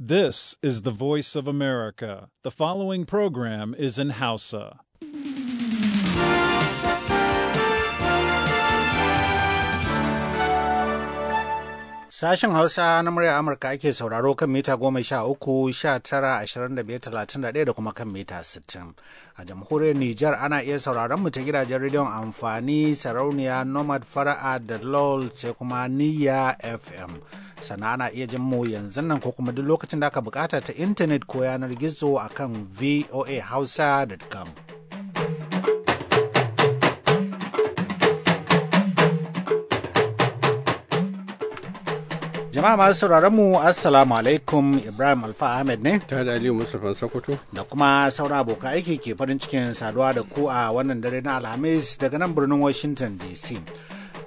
This is the voice of America. The following program is in Hausa. Sashen Hausa na murya Amurka ake sauraro kan mita goma sha uku, sha tara, ashirin da biyar, talatin da ɗaya da kuma kan mita sittin. A jamhuriyar Nijar ana iya sauraron mu ta gidajen rediyon amfani sarauniya Nomad Fara'a da LOL sai kuma Niyya FM. sannan ana iya jin mu yanzu nan ko kuma duk lokacin da aka bukata ta intanet ko yanar gizo akan voahausa.com jama'a masu sauraron mu assalamu alaikum ibrahim alfa ahmed ne ta da aliyu musulman sokoto da kuma sauran abokan aiki ke farin cikin saduwa da ku a wannan dare na alhamis daga nan birnin washington dc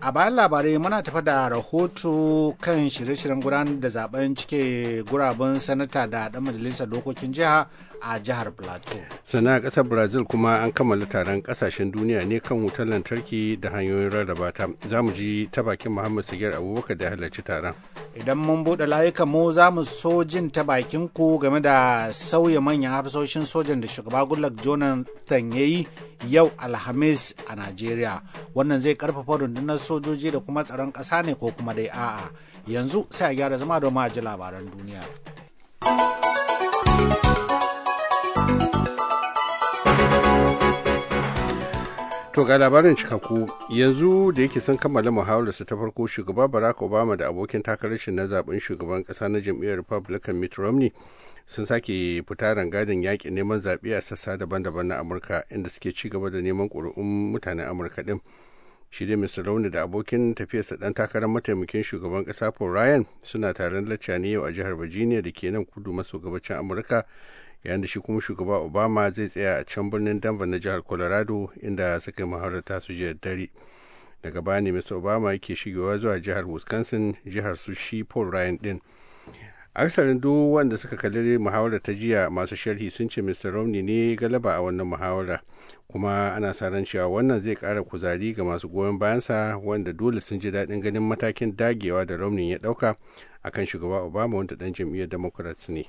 a bayan labarai muna tafa da rahoto kan shirye-shiryen gudanar da zaben cike guraben sanata da dan majalisar dokokin jiha a jihar plateau sannan kasar brazil kuma an kammala taron kasashen duniya ne kan wutar lantarki da hanyoyin rarraba ta za mu ji ta bakin muhammad sigar abubakar da halarci taron idan mun buɗe layukan mu za mu so jin ta bakin ku game da sauya manyan hafsoshin sojan da shugaba goodluck jonathan ya yi yau alhamis a nigeria wannan zai karfafa rundunar sojoji da kuma tsaron ƙasa ne ko kuma dai a'a yanzu sai a gyara zama domin a ji labaran duniya. To ga labarin cikakku yanzu da yake sun kammala muhawararsa ta farko shugaba Barack Obama da abokin takarar na zaben shugaban kasa na jam'iyyar Republican Mitt Romney sun sake fita rangadin yaƙi neman zaɓe a sassa daban-daban na Amurka inda suke ci gaba da neman ƙuri'un mutanen Amurka ɗin. Shi dai Mr. Romney da abokin tafiyarsa ɗan takarar mataimakin shugaban ƙasa Paul Ryan suna taron lacca ne yau a jihar Virginia da ke nan kudu maso gabacin Amurka yayin da shi kuma shugaba obama zai tsaya a can birnin denver na jihar colorado inda suka yi maharata su jiya dare daga baya ne mr obama yake shigewa zuwa jihar wisconsin jihar su shi paul ryan din aksarin duk wanda suka kalli muhawara ta jiya masu sharhi sun ce mr romney ne galaba a wannan muhawara kuma ana sa ran cewa wannan zai kara kuzari ga masu goyon bayansa wanda dole sun ji daɗin ganin matakin dagewa da romney ya ɗauka akan shugaba obama wanda ɗan jam'iyyar democrats ne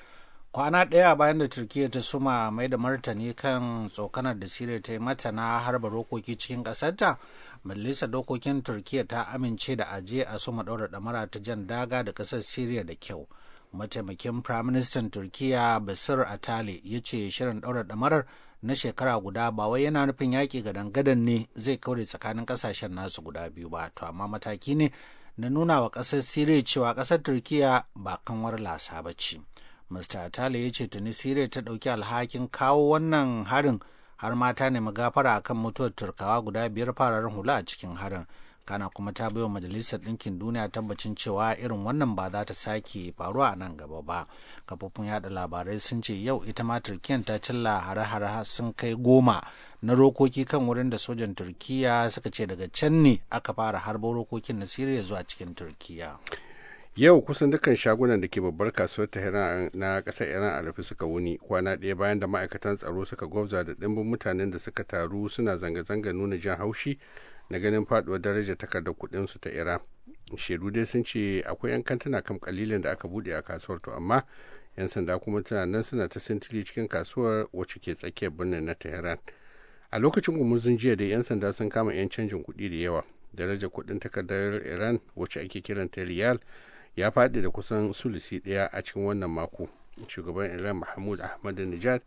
kwana ɗaya bayan da Turkiyya ta suma mai da martani kan tsokanar da siriya ta yi mata na harba rokoki cikin ƙasarta majalisar dokokin turkiya ta amince da aje a suma ɗaura ɗamara ta jan daga da ƙasar siriya da kyau mataimakin firaministan Turkiyya, basir atali ya ce shirin ɗaura ɗamarar na shekara guda ba wai yana nufin yaƙi ga dangadan ne zai kaure tsakanin ƙasashen nasu guda biyu ba to amma mataki ne na nuna wa ƙasar siriya cewa ƙasar Turkiyya ba kanwar lasa ba ce mr atale ya ce tuni siriya ta ɗauki alhakin kawo wannan harin har mata ne magafara akan mutuwar turkawa guda biyar fararen hula a cikin harin kana kuma ta wa majalisar ɗinkin duniya tabbacin cewa irin wannan ba za ta sake faruwa a nan gaba ba kafofin yada labarai sun ce yau ita ma turkiyan ta cilla hare-hare sun kai goma na rokoki kan wurin da sojan turkiyya suka ce daga can ne aka fara harbo rokokin na siriya zuwa cikin turkiyya. yau kusan dukkan shagunan da ke babbar kasuwar ta na kasar iran a rufe suka wuni kwana ɗaya bayan da ma'aikatan tsaro suka gwabza da ɗimbin mutanen da suka taru suna zanga-zanga nuna jan haushi na ganin faduwar darajar takardar kuɗin su ta iran shaidu dai sun ce akwai 'yan kantuna kam kalilin da aka buɗe a kasuwar to amma 'yan sanda kuma tana nan suna ta sintili cikin kasuwar wacce ke tsakiyar birnin na tehran a lokacin gumurzun jiya da 'yan sanda sun kama 'yan canjin kuɗi da yawa darajar kuɗin takardar iran wacce ake kiranta riyal ya faɗi da kusan sulusi ɗaya a cikin wannan mako shugaban iran mahmud ahmad nijar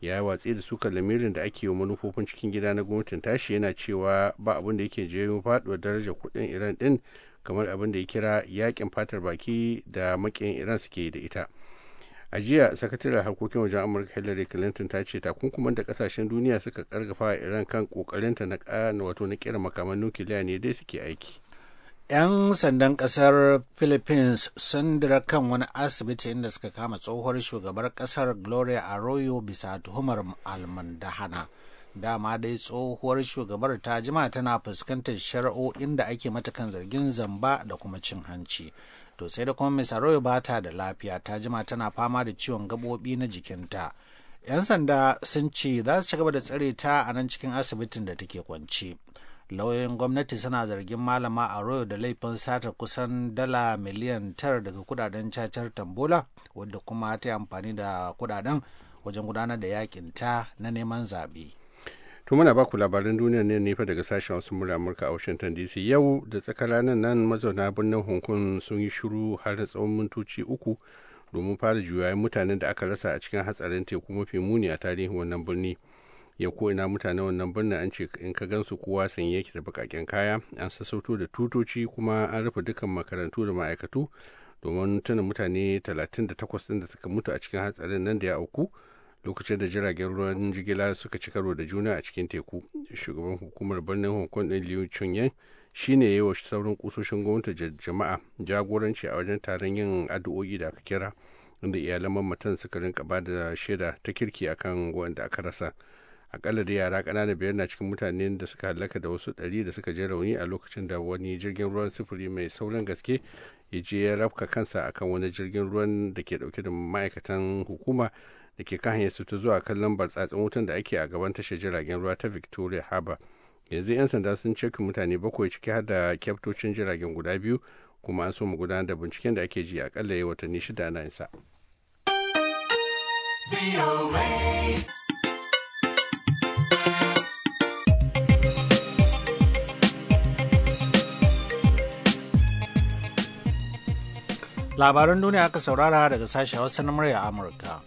ya yi watsi da suka lamirin da ake yi manufofin cikin gida na gwamnatin tashi yana cewa ba abin da yake jeyo faɗuwar darajar kuɗin iran ɗin kamar abin da ya kira yakin fatar baki da makiyan iran suke da ita a jiya sakataren harkokin wajen amurka hillary clinton ta ce takunkuman da kasashen duniya suka karfafa iran kan kokarinta na wato na kera makaman nukiliya ne dai suke aiki 'yan sandan kasar philippines sun dira kan wani asibiti inda suka kama tsohuwar shugabar kasar gloria arroyo bisa tuhumar almandahana dama dai tsohuwar shugabar ta jima tana fuskantar shari'o da ake matakan zargin zamba da kuma cin hanci to sai da kuma miss arroyo ba ta da lafiya ta jima tana fama da ciwon gabobi na jikinta 'yan sanda sun ce za su ci gaba da tsare ta a nan cikin asibitin da take kwance. lauyoyin gwamnati suna zargin malama a arroyo da laifin sata kusan dala miliyan tara daga kudaden cacar tambola wadda kuma ta yi amfani da kudaden wajen gudanar da yakin ta na neman zaɓe. to muna baku labarin duniya ne nefa daga sashen wasu murya amurka a washington dc yau da tsakar ranar nan mazauna birnin hong kong sun yi shiru har da tsawon mintoci uku domin fara juyayen mutanen da aka rasa a cikin hatsarin teku mafi muni a tarihin wannan birni ya ko'ina mutane wannan birnin an ce in ka gansu kowa sanye yake da bakaken kaya an sassauto da tutoci kuma an rufe dukkan makarantu da ma'aikatu domin tuna mutane 38 din da suka mutu a cikin hatsarin nan da ya auku lokacin da jiragen ruwan jigila suka ci karo da juna a cikin teku shugaban hukumar birnin hong kong ɗin liu shi shine ya yi wa sauran kusoshin gwamnati jama'a jagoranci a wajen taron yin addu'o'i da aka kira inda iyalan mamatan suka rinka ba da shaida ta kirki akan wanda aka rasa akalla da yara kanana biyar na cikin mutanen da suka halaka da wasu ɗari da suka je rauni a lokacin da wani jirgin ruwan sufuri mai saurin gaske ya je ya rafka kansa akan wani jirgin ruwan da ke dauke da ma'aikatan hukuma da ke kan hanyar ta zuwa kan lambar tsatsin wutan da ake a gaban tashar jiragen ruwa ta victoria harbour yanzu 'yan sanda sun ceki mutane bakwai ciki har da kyaftocin jiragen guda biyu kuma an so mu gudanar da binciken da ake ji akalla ya watanni shida na isa. labaran duniya aka saurara daga sashe wasu na a amurka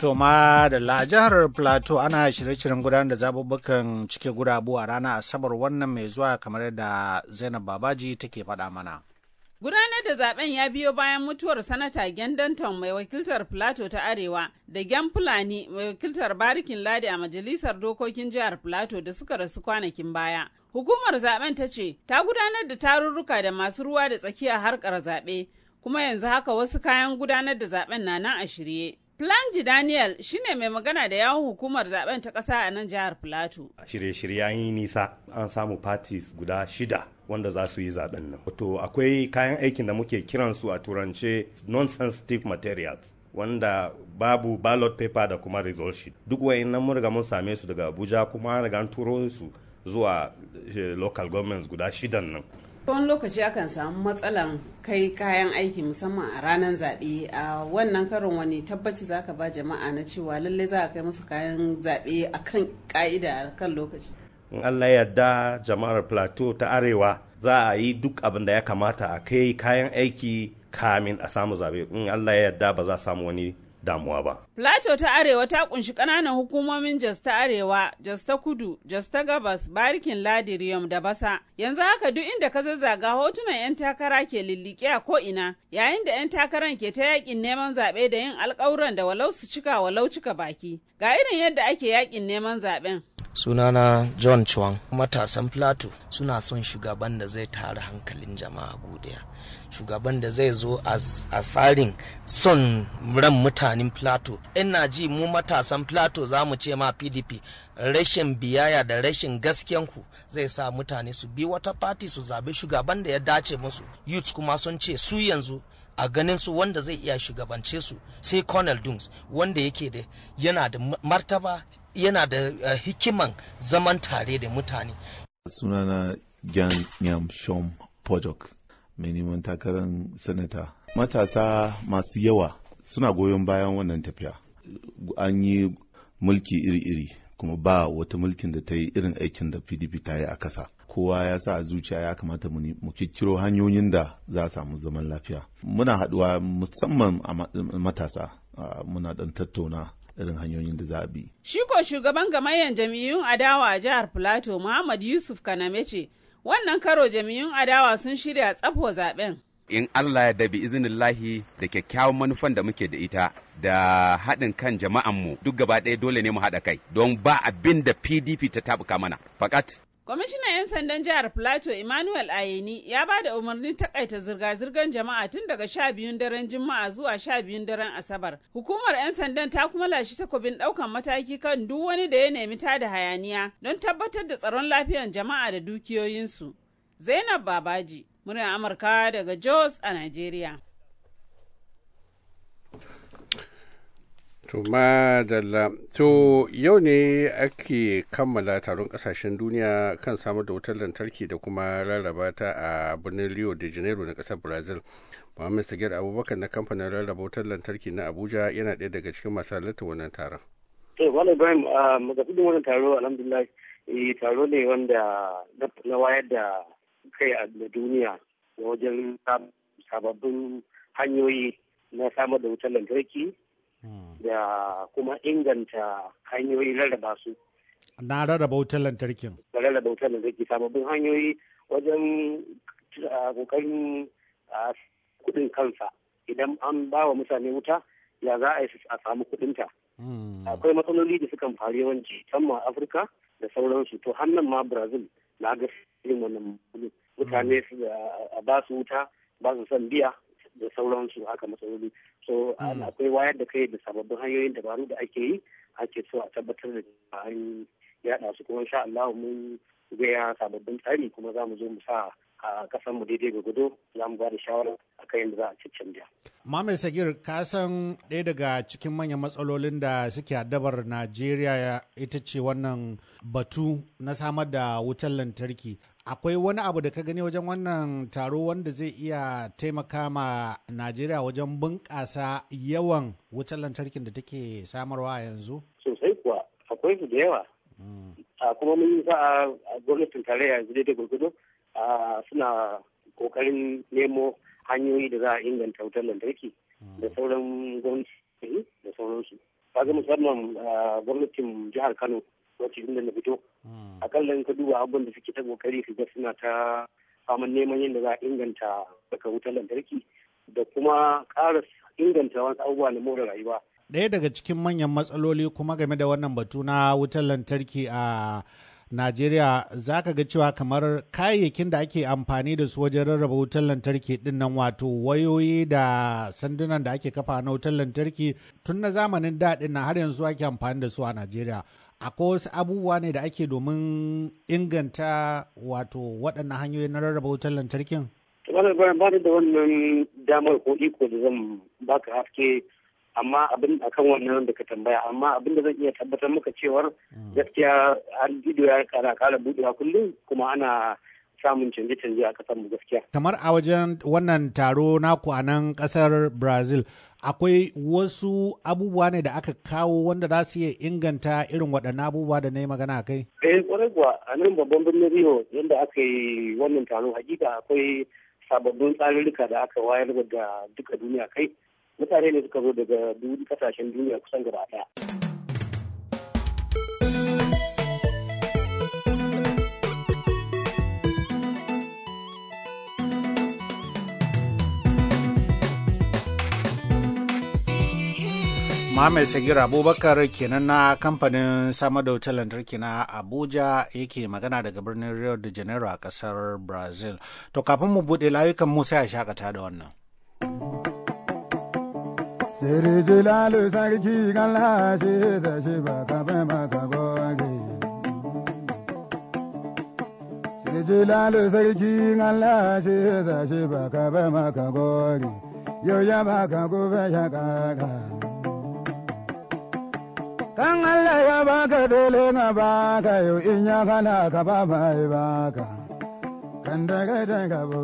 Toma da la jihar Plateau ana shirye-shiryen gudanar da zaɓuɓɓukan cike gudabu a ranar Asabar wannan mai zuwa kamar yadda Zainab Babaji take faɗa mana. Gudanar da zaben ya biyo bayan mutuwar sanata Gendanton mai wakiltar Plato ta Arewa da Gyan Fulani mai wakiltar Barikin Ladi a Majalisar Dokokin Jihar Plato da suka rasu kwanakin baya. Hukumar zaben ta ce ta gudanar da tarurruka da masu ruwa da tsakiya harkar zaɓe kuma yanzu haka wasu kayan gudanar da zaben na nan a shirye. Planji Daniel shine mai magana da yawon hukumar zaben ta ƙasa a nan jihar Plateau. Shirye-shirye an yi nisa an samu parties guda shida wanda za su yi zaben nan wato akwai kayan aikin da muke kiransu a turance non-sensitive materials wanda babu ballot paper da kuma result sheet duk wayannan mun riga mun same su daga abuja kuma riga an turo su zuwa eh, local governments guda shidan nan wani lokaci akan samu matsalan kai kayan aiki musamman a ranar zaɓe a wannan karin wani tabbaci za ka ba jama'a na cewa lallai za a kai musu kayan zaɓe a kan ƙa'ida a kan lokaci in allah yarda jama'ar plateau ta arewa za a yi duk abin da ya kamata a kai kayan aiki kamin a samu zabe in allah ya yarda ba za a samu wani damuwa ba. Plateau ta Arewa ta kunshi ƙananan hukumomin Jos ta Arewa, Jos ta Kudu, Jos Gabas, Barikin ladirium da Basa. Yanzu haka duk inda ka zazzaga hotunan 'yan takara ke lilliƙe a ko'ina, yayin da 'yan takaran ke ta yakin neman zaɓe da yin alƙawuran da walau su cika walau cika baki. Ga irin yadda ake yakin neman zaɓen. sunana john chuang matasan Plateau suna son shugaban da zai tara hankalin jama'a gudiya shugaban da zai zo a tsarin son ran mutanen plato ina ji mu matasan plato za mu ce ma pdp rashin biyaya da rashin gaskiyanku zai sa mutane su bi wata fati su zabi shugaban da ya dace musu Youth kuma sun ce su yanzu a ganin su wanda zai iya shugabance su sai colonel dunks wanda yake da yana da martaba yana da eh, hikiman zaman tare da mutane sunana gyan shom pojok mai neman takarar sanata matasa masu yawa suna goyon bayan wannan tafiya an yi mulki iri-iri kuma ba wata mulkin da ta yi irin aikin da pdp ta yi a kasa kowa ya sa a zuciya ya kamata mu kikkiro hanyoyin da za a samu zaman lafiya muna haɗuwa musamman a matasa muna ɗan tattauna irin hanyoyin da za a bi. Shi ko shugaban gamayyar jam'iyyun adawa a jihar plateau Muhammad Yusuf Kaname ce Wannan karo jami'un adawa sun shirya tsafo zaben. In Allah ya dabi izinin lahi da kyakkyawan manufan da muke da ita da haɗin kan jama'anmu duk gaba ɗaya dole ne mu haɗa kai don ba abin da PDP ta taɓuka mana. Fakat Kwamishinan 'yan sandan jihar Plateau Emmanuel Ayeni ya ba da umarnin takaita zirga-zirgar jama'a tun daga sha biyun daren Juma'a zuwa sha biyun daren Asabar. Hukumar 'yan sandan ta kuma lashi takobin ɗaukan mataki kan duk wani da ya nemi tada hayaniya don tabbatar da tsaron lafiyar jama'a da dukiyoyinsu. Zainab Babaji, murya Amurka daga Jos a Najeriya. To madalla, to yau ne ake kammala taron kasashen duniya kan samar da wutar lantarki da kuma rarraba ta a birnin Rio de Janeiro na ƙasar Brazil. Muhammad Sagir Abubakar na kamfanin rarraba wutar lantarki na Abuja yana ɗaya daga cikin masu halarta wannan taron. Eh, wani Ibrahim, da wannan taro alhamdulillah eh, taro ne wanda na wayar da kai a duniya wajen sababbin hanyoyi na samar da wutar lantarki da kuma inganta hanyoyin rarraba su. Na rarraba wutar lantarkin. Da rarraba wutar lantarki sababbin hanyoyi wajen kokarin kudin kansa idan an ba wa mutane wuta ya za a samu kudinta. Hmm. Akwai matsaloli da sukan faru yawanci musamman Afirka da sauransu to hannun ma Brazil na ga irin wannan mutane su ba su wuta ba su son biya da sauransu haka matsaloli so hmm. um, akwai wayar da kai da sababbin hanyoyin dabaru da ake yi ake so a tabbatar da an yada su kuma insha Allah mun gaya sababbin tsari kuma za mu zo mu sa a kasan mu daidai ga gudu za mu ba da shawara a kan yadda za a jiya. Mamir Sagir ka san ɗaya daga cikin manyan matsalolin da suke addabar Najeriya ita ce wannan batu na samar da wutar lantarki. Akwai wani abu da ka gani wajen wannan taro wanda zai iya taimaka ma Najeriya wajen bunƙasa yawan wutar lantarkin da take samarwa yanzu? Sosai kuwa, akwai su da yawa. Mm. Kuma mun yi a gwamnatin tarayya yanzu daidai gurgudu suna kokarin nemo hanyoyi da za a inganta wutar lantarki da hmm. sauran gwamnati da sauransu kaga musamman gwamnatin jihar kano wacce inda na fito hmm. akalla in ka duba abin da suke ta kokari su ga suna ta samun neman yin da za a inganta daga wutar lantarki da kuma ƙara inganta wasu abubuwa na more rayuwa ɗaya daga cikin manyan matsaloli kuma game da wannan batu na wutar lantarki a Najeriya za ka ga cewa kamar kayayyakin da ake amfani da su wajen rarraba wutar lantarki din nan wato wayoyi da sandunan da ake kafa na wutar lantarki tun na zamanin daɗin na har yanzu ake amfani da su a Najeriya. Akwai wasu abubuwa ne da ake domin inganta wato waɗannan hanyoyi na rarraba wutar lantarkin? Ba da wannan damar ko iko da zan baka haske amma abin akan wannan da ka tambaya amma abin da zan iya tabbatar maka cewar mm. gaskiya an ido ya kara kara budewa kullum kuma ana samun canje-canje a kasar mu gaskiya kamar a wajen wannan taro naku a nan kasar brazil akwai wasu abubuwa ne da aka kawo wanda za su iya inganta irin waɗannan abubuwa da na yi magana a kai? Eh, kwarai kuwa a nan babban birnin Rio yadda aka yi wannan taro hakika akwai sababbin tsarurruka da aka wayar da duka duniya kai mutane ne suka zo daga dubu kasashen duniya kusan gaba ɗaya. Mohamed Sagir Abubakar kenan na kamfanin samar da wutar lantarki na Abuja yake magana daga birnin Rio de Janeiro a kasar Brazil. To kafin mu buɗe layukan mu sai a shakata da wannan. Sirjilalu sarki kalashi da shi ba kafa maka goge. Sirjilalu sarki kalashi da shi ba kafa maka goge. Yau ya baka gobe ya kaka. Kan Allah ya baka dole na baka yau in ya kana ka ba mai baka. Kan da kai da gabo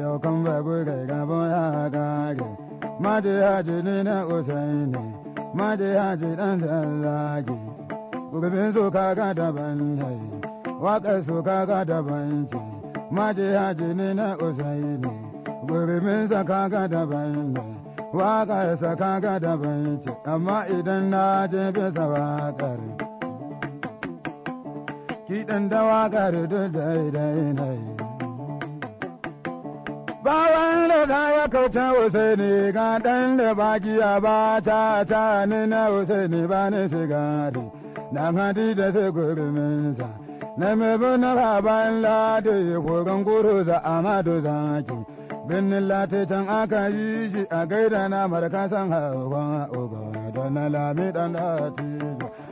yau kan babu kai gabo ya kage. Madihaji ne na Usaini, Madihaji ɗan zallage, gurbin su kaga daban ne, waƙar su kaga daban ce. Madihaji ne na Usaini, gurbin sa kaga daban ne, waƙar sa kaga daban ce, amma idan na je bisa waƙar. Kiɗan da waƙar duk daidai ne. Bawan da da ya kauta Hussaini ga ɗan da baki ya ba ta ta ni na Hussaini ba ni sigari. Na fadi da sai gurminsa. Na mebu na baban lade horon goro da amadu zaki. Binnin lati can aka yi shi a gaida na markasan hawa ogo da na lami ɗan da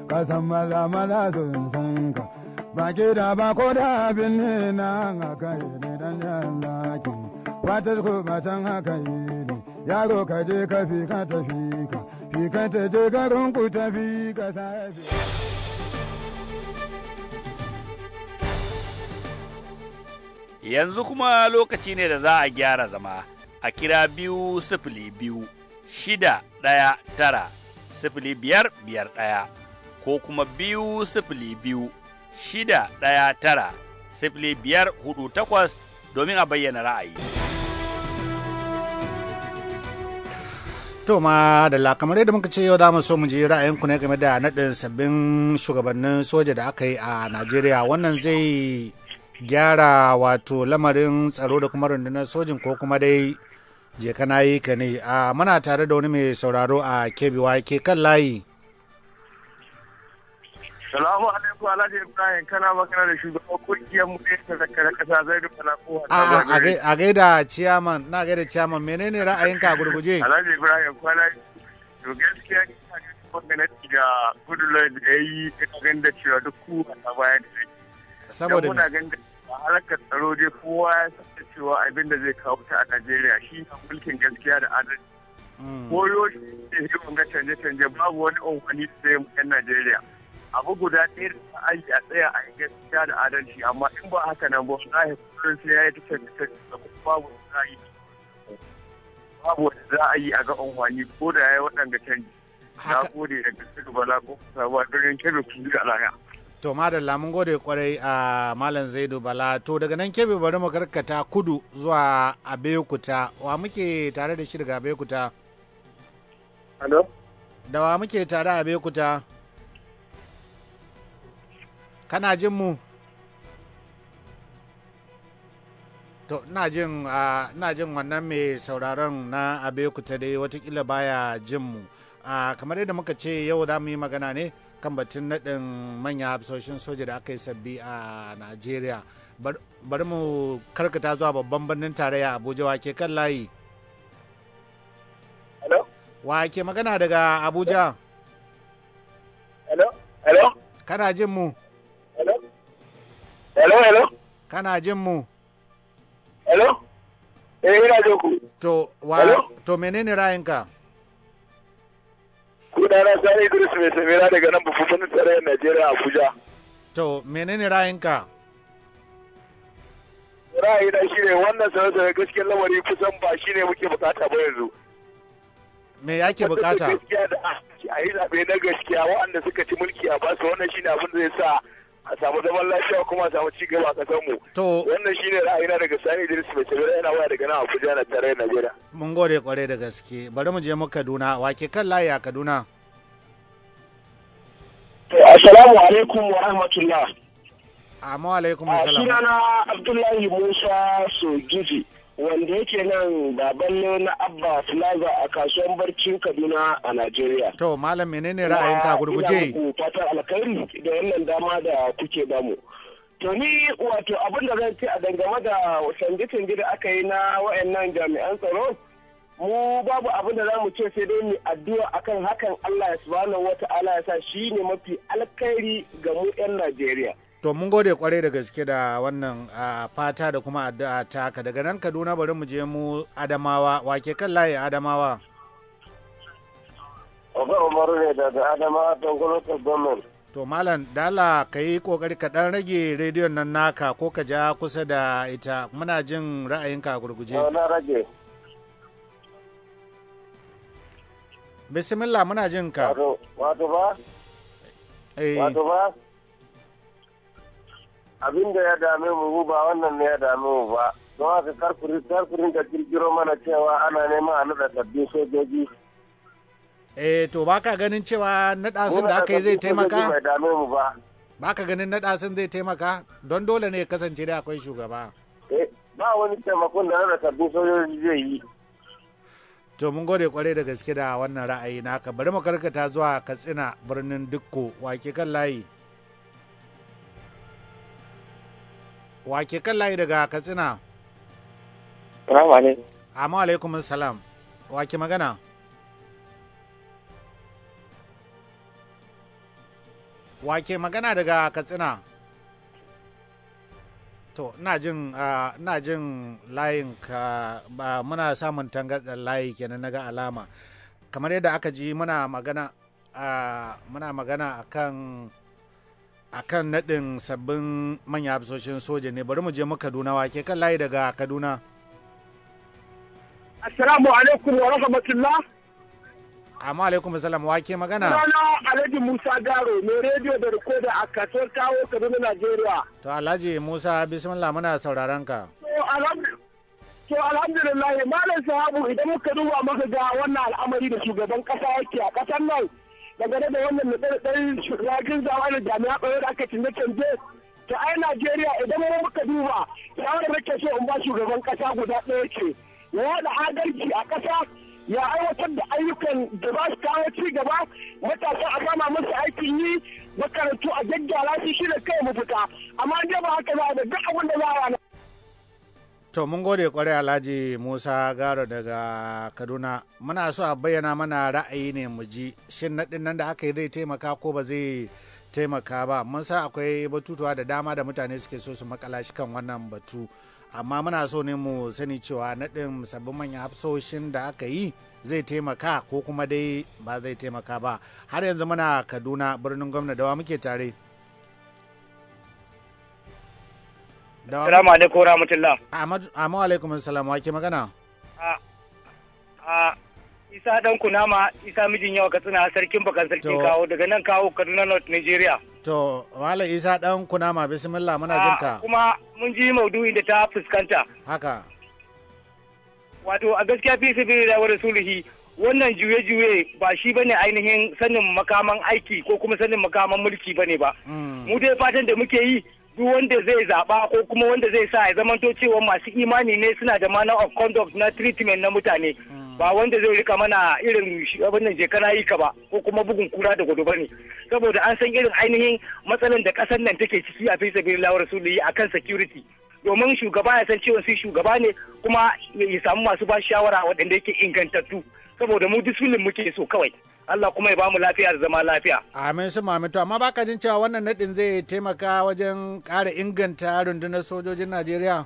kasan maza maza sun san ka. Baki da ba ko da binne na aka yi ne dan yan zaki. fatar ko matan haka yi ne yaro ka je ka fi ka tafi ka fi ka ta je garin ku tafi ka fi. Yanzu kuma lokaci ne da za a gyara zama a kira biyu sifili biyu shida ɗaya tara sifili biyar biyar ɗaya ko kuma biyu sifili biyu shida ɗaya tara sifili biyar hudu takwas domin a bayyana ra'ayi. To ma da kamar yadda muka ce yau da so mu ji ra'ayinku ne game da naɗin sabbin shugabannin soja da aka yi a Najeriya wannan zai gyara wato lamarin tsaro da kuma rundunar sojin ko kuma dai je kana yi ka ne a muna tare da wani mai sauraro a KBY ke kan layi. Salamu alaikum Alhaji Ibrahim kana magana da shugaban kungiyar mu ne ta zakkara kasa zai duka na a A gaida ciyaman na gaida ciyaman menene ra'ayinka a gurguje? Alhaji Ibrahim kwana to gaskiya ni ka ga magana da gudulai da yayi ina ganin da cewa duk kowa ta bayan da Saboda muna ganin a harkar tsaro dai kowa ya san cewa abin da zai kawo ta a Najeriya shi mulkin gaskiya da adalci. Hmm. Koyo shi ne yawan ga canje-canje babu wani amfani da zai yan Najeriya. abu guda ɗaya da an a tsaya a yi gaskiya da adalci amma in ba haka nan ba su yi kullum sai ya yi ta canji da babu za a yi babu da za a yi a ga amfani ko da ya yi waɗanda canji na gode da gaske da bala ko don ɗarin kebe kun ga alaya. To madalla mun gode kwarai a Malam Zaidu Bala to daga nan kebe bari mu karkata kudu zuwa Abeokuta wa muke tare da shi daga Abeokuta. Hello? Da wa muke tare a Abeokuta? kana jin mu to na jin ina jin wannan mai sauraron na ta dai watakila baya jin mu kamar yadda muka ce yau za mu yi magana ne kan batun naɗin manya hafsoshin soja da aka yi sabbi a najeriya bari mu karkata zuwa babban birnin tarayya abuja wake kan layi wa ke magana daga abuja hello hello kana jin mu Hello, hello. Kana jin mu? Hello? Eh, ina jin ku. To, wa, to menene ra'ayinka? Kudana Sani Idris mai samira daga nan bufutan tarayyar Najeriya Abuja. To, menene ra'ayinka? Ra'ayina shi ne wannan sanar gaskiyar lamari kusan ba shi ne muke bukata ba yanzu. Me yake bukata? Gaskiya da a yi zaɓe na gaskiya waɗanda suka ci mulki a basu wannan shi ne abin zai sa a samu zaman lafiya kuma a samu cigaba a kasar mu to wannan shine ra'ayina daga Sani Idris mai tsibira yana waya daga nan Abuja na tarayyar Najeriya mun gode kwarai da gaske bari mu je mu Kaduna wake kan layi a Kaduna Assalamu alaikum wa rahmatullah Amma alaikum assalam na Abdullahi Musa sojiji wanda yake nan baban na abba plaza a kasuwan Barcin kaduna a najeriya to malam menene ra'ayinka gurguje fatan alkhairi da wannan dama da kuke damu? to ni wato abin da zan ce a dangane da canje-canje da aka yi na wayannan jami'an tsaro mu babu abin da zamu ce sai dai mu addu'a akan hakan Allah ya subhanahu wata'ala ya sa shi mafi alkhairi ga mu 'yan Najeriya. to mun gode kwarai da gaske da wannan fata da kuma addu'a taka daga nan kaduna bari mu je mu adamawa wake kan layi adamawa Umaru ne daga To Malam Dala ka yi kokari ka dan rage rediyon nan naka ko ka ja kusa da ita muna jin ra'ayinka a gurguje. Na rage. Bismillah muna jin ka. Wato ba? Wato ba? Eh. abin da ya dame mu mu ba wannan ne ya dame mu ba don haka karkurin karkurin da kirkiro mana cewa ana neman a naɗa sabbin sojoji eh to ka ganin cewa naɗa sun da aka yi zai taimaka ba ka ganin nada sun zai taimaka don dole ne ya kasance da akwai shugaba eh, ba wani taimakon da naɗa sabbin sojoji zai yi To mun gode kwarai da gaske da wannan ra'ayi naka bari mu karkata zuwa Katsina birnin Dukko wake kan layi. wake kan layi daga katsina salamu alaikum amma alaikum salam wake magana wake magana daga katsina to na jin na jin layin ka ba muna samun tangarɗar layi kenan na ga alama kamar yadda aka ji muna magana muna magana akan akan naɗin sabbin manyan hafsoshin soja ne bari mu je mu kaduna wake kan layi daga kaduna assalamu alaikum wa rahmatullah amma alaikum salam wake magana sunana alhaji musa garo mai rediyo da rikoda a kasuwar kawo kaduna najeriya to alhaji musa bismillah muna sauraron ka to alhamdulillah malam sahabu idan muka duba maka ga wannan al'amari da shugaban kasa yake a kasar nan dangane da wannan naɗaɗɗen shugabin zamanin jami'a ɓoye da aka cinye canje ta ai Najeriya idan mu muka duba shawarar ke so in ba shugaban ƙasa guda ɗaya ce ya haɗa adalci a ƙasa ya aiwatar da ayyukan da ba su kawo ci gaba matasa a sama masu aikin yi makarantu a gaggara su shi da kai mu fita amma dai ba haka za a da duk abin da za a To mun gode kwarai Alhaji Musa Garo daga Kaduna. Muna so a bayyana mana ra'ayi ne mu ji shin naɗin nan da aka yi zai taimaka ko ba zai taimaka ba. Mun sa akwai batutuwa da dama da mutane suke so su makala shi kan wannan batu. Amma muna so ne mu sani cewa naɗin sabbin manyan hafsoshin da aka yi zai taimaka ko kuma dai ba zai taimaka ba. Har yanzu muna Kaduna birnin gwamna dawa muke tare. Salamu alaikum rahmatullah. Amma alaikum salam wa ke magana? A Isa dan kunama Isa mijin yawa katsina sarkin bakan sarkin kawo daga nan kawo Kaduna North Nigeria. To wala Isa dan kunama bismillah muna jin ka. Kuma mun ji maudu'in da ta fuskanta. Haka. Wato a gaskiya fi biyu da wani rasulihi wannan juye-juye ba shi ba ne ainihin sanin makaman aiki ko kuma sanin makaman mulki ba ne mm. ba. Mu dai fatan da muke yi duk wanda zai zaba ko kuma wanda zai sa ya zamanto cewa masu imani ne suna da manner of conduct na treatment na mutane hmm. ba wanda zai rika mana irin wannan je kana yi ka ba ko kuma bugun kura da gudu bane saboda an san irin ainihin matsalan da kasar nan take ciki a fisa bin lawar sulhi akan security domin shugaba ya san cewa shi shugaba ne kuma ya samu masu ba shawara waɗanda yake ingantattu saboda mu disiplin muke so kawai Allah kuma ya bamu lafiya da zama lafiya amin su mami to amma baka jin cewa wannan nadin zai taimaka wajen ƙara inganta rundunar sojojin Najeriya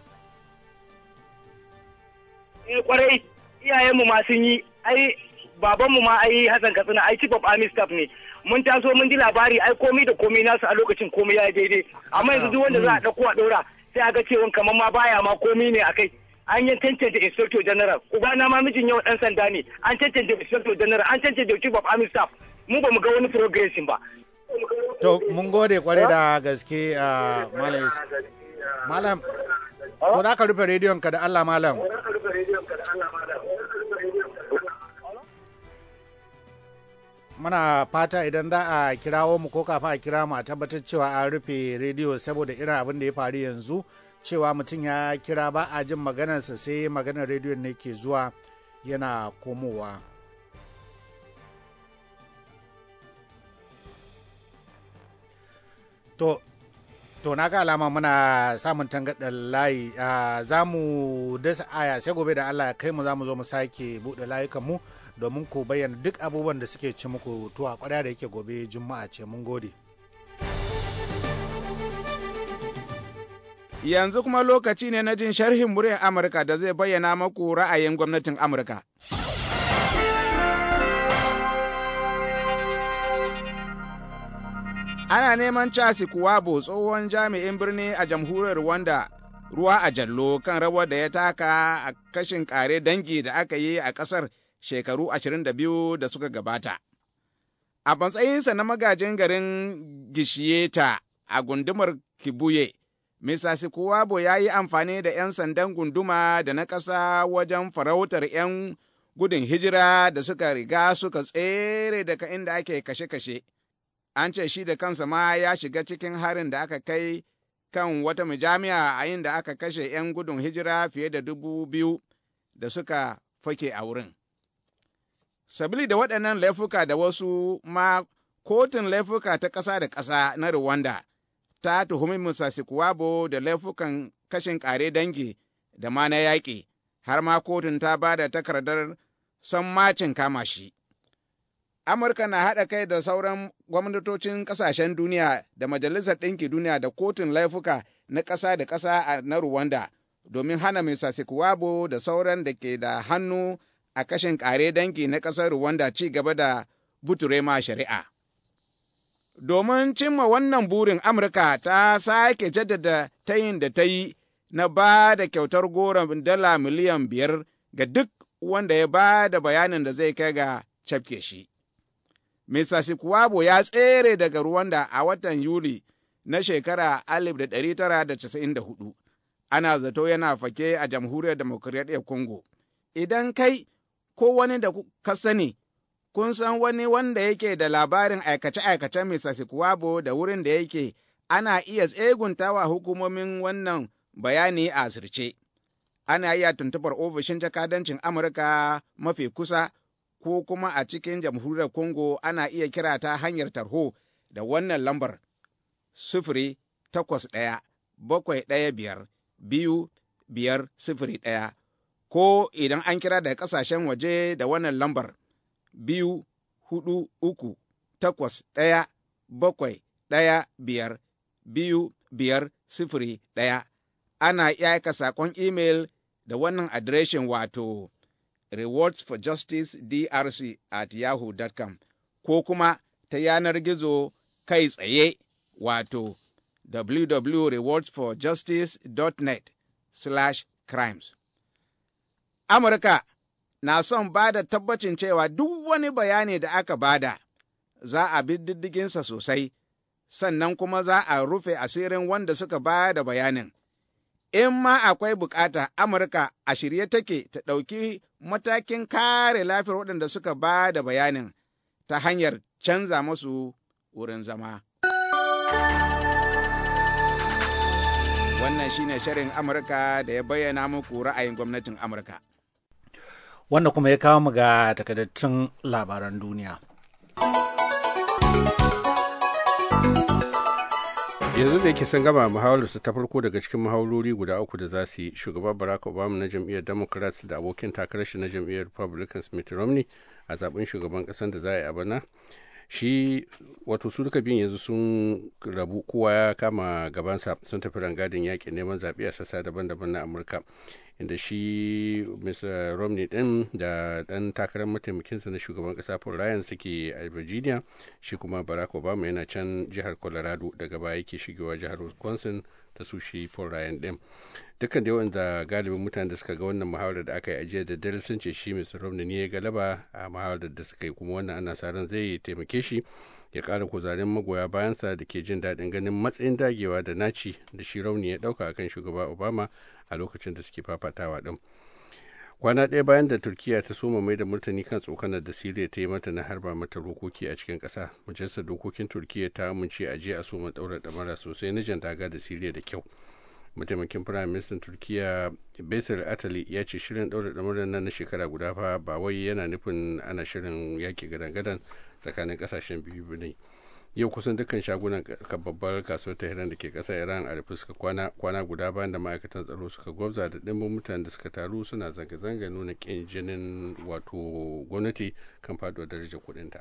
eh kwarai iyayen mu ma sun yi ai baban mu ma ai Hassan Katsina ai chief of army staff ne mun taso mun ji labari ai komai da komai nasu a lokacin komai ya daidai amma yanzu duk wanda za a dauko a daura sai a ga cewa kamar ma baya ma komai ne akai an yi tantance inspector general ubana ma mijin yau dan sanda ne an tantance inspector general an tantance chief of army staff mu ba mu ga wani progression ba to mun gode kware da gaske a malam malam ko za ka rufe rediyon ka da Allah malam muna fata idan za a kirawo mu ko kafin a kira mu a tabbatar cewa an rufe rediyo saboda irin abin da ya faru yanzu cewa mutum ya kira ba a jin maganarsa sai maganar rediyon ne ke zuwa yana komowa to na ga alama muna samun tangadar layi za mu dasa aya sai gobe da allah kai mu za mu zo mu sake buɗe layukanmu domin ku bayyana duk abubuwan da suke ci muku tuwa kwarya da yake gobe juma'a ce mun gode. Yanzu kuma lokaci ne na jin sharhin muryar Amurka da zai bayyana maku ra'ayin gwamnatin Amurka. Ana neman Chasi Kuwabo tsohon jami'in birni a jamhuriyar Rwanda ruwa a jallo kan rawar da ya taka a kashin kare dangi da aka yi a kasar shekaru 22 da suka gabata. A matsayinsa na magajin garin Gishiyeta a gundumar Kibuye, Mr. Sikuwabo ya yi amfani da 'yan sandan gunduma da na ƙasa wajen farautar 'yan gudun hijira da suka riga suka tsere daga inda ake kashe-kashe. An ce shi da kansa ma ya shiga cikin harin da aka kai kan wata mujami'a a inda aka kashe 'yan gudun hijira fiye da dubu biyu da suka fake a wurin. Sabili da waɗannan laifuka da wasu ma kotun laifuka ta ƙasa da ƙasa na Rwanda ta tuhumin Musasi Kuwabo da laifukan kashin kare dangi da ma na yaƙi, har ma kotun ta ba da takardar macin kama shi. Amurka na haɗa kai da sauran gwamnatocin ƙasashen duniya da Majalisar Ɗinki Duniya da Kotun Laifuka na ƙasa da ƙasa na Ruwanda domin hana Musasi Kuwabo da sauran da ke da hannu a kashin ƙare dangi na ƙasar Ruwanda ci gaba da buture ma shari'a. Domin cimma wannan burin Amurka ta sake jaddada tayin da ta yi na ba da kyautar goron dala miliyan biyar ga duk wanda ya ba da bayanin da zai kai ga cafke shi. Mr. Sikwabo ya tsere daga ruwan da a watan Yuli na shekara 1994. Ana zato yana fake a jamhuriyar demokuraɗiyyar Congo. Idan kai ko wani da ka sani kun san wani wanda yake da labarin aikace aikace Mr. kuwabo da wurin da yake ana iya tseguntawa hukumomin wannan bayani a asirce. Ana iya tuntubar ofishin jakadancin Amurka mafi kusa ko kuma a cikin jamhuriyar Congo ana iya kira ta hanyar tarho da wannan lambar sifiri takwas ɗaya bakwai ɗaya biyar biyu biyar sifiri ɗaya ko idan an kira da ƙasashen waje da wannan lambar biyu hudu uku takwas ɗaya bakwai ɗaya biyar biyu biyar sifiri ɗaya. Ana iya aika saƙon imel da wannan adireshin wato rewards for justice drc at yahoo.com ko kuma ta yanar gizo kai tsaye wato www.rewardsforjustice.net slash crimes. Amurka na son ba da tabbacin cewa duk wani bayani da aka bada za a bi diddiginsa sosai, sannan kuma za a rufe asirin wanda suka ba da bayanin. In ma akwai bukata Amurka a shirye take ta ɗauki matakin kare lafiyar waɗanda suka ba da bayanin ta hanyar canza masu wurin zama. Wannan shine shirin Amurka da ya bayyana muku ra'ayin gwamnatin Amurka. wanda kuma ya kawo mu ga takaddatun labaran duniya. yanzu da yake sun gama muhawararsu ta farko daga cikin muhawarori guda uku da za su yi shugaban barack obama na jam'iyyar democrats da abokin takarar shi na jam'iyyar republicans mitt romney a zaben shugaban kasan da za a yi a bana shi wato su duka biyun yanzu sun rabu kowa ya kama gabansa sun tafi rangadin yakin neman zaɓe a sassa daban-daban na amurka inda shi mr romney din da dan takarar mataimakinsa na shugaban kasa paul ryan suke a virginia shi kuma barack obama yana can jihar colorado daga baya yake shigewa jihar wisconsin da su shi paul ryan din dukkan da wanda galibin mutane da suka ga wannan muhawarar da aka yi ajiya da dare sun ce shi mr romney ne ya galaba a muhawarar da suka yi kuma wannan ana sa ran zai taimake shi ya kara kuzarin magoya bayansa da ke jin daɗin ganin matsayin dagewa da naci da shi rauni ya ɗauka akan shugaba obama a lokacin da suke fafatawa ɗin kwana ɗaya bayan da turkiya ta soma mai da murtani kan tsokanar da siriya ta yi mata na harba mata rokoki a cikin ƙasa majalisar dokokin turkiya ta amince a je a soma ɗaura ɗamara sosai na jan daga da siriya da kyau mataimakin firayim ministan turkiya besir atali ya ce shirin ɗaura ɗamara nan na shekara guda fa ba wai yana nufin ana shirin yaƙi gadan-gadan tsakanin ƙasashen biyu ne yau kusan dukkan shagunan babbar kasuwar tehran da ke kasar iran a rufe suka kwana kwana guda bayan da ma'aikatan tsaro suka gwabza da dimbin mutanen da suka taru suna zanga-zanga nuna kin jinin wato gwamnati kan faduwar darajar kudinta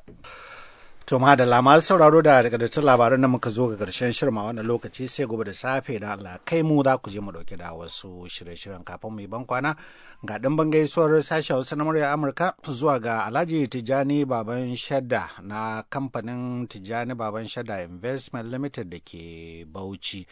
To da masu sauraro da daga labaran nan muka zo ga ƙarshen shirma wannan lokaci sai gobe da safe da Allah kai mu za ku je mu dauke da wasu shirye-shiryen kafin mu yi ban kwana ga ɗimbin gaisuwar sashi Hausa na murya Amurka zuwa ga Alhaji Tijjani Baban Shadda na kamfanin Tijjani Baban Shadda Investment Limited da ke Bauchi.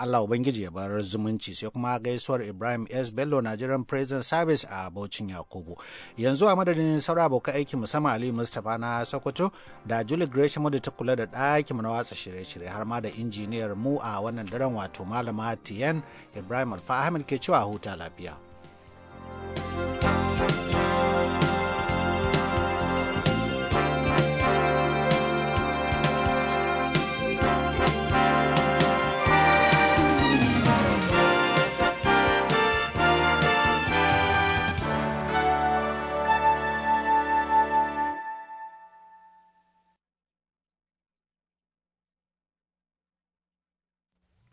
Allah Ubangiji ya bar zumunci sai kuma gaisuwar Ibrahim S. Bello Nigerian Prison Service a Baucin Yakubu. Yanzu a madadin saura abokan aiki musamman Ali Mustapha na Sokoto da Julie Grace da ta kula da ɗakin na watsa shirye-shirye har ma da injiniyar mu a wannan daren wato Malama Tiyan Ibrahim Alfa Ahmed ke cewa huta lafiya. thank you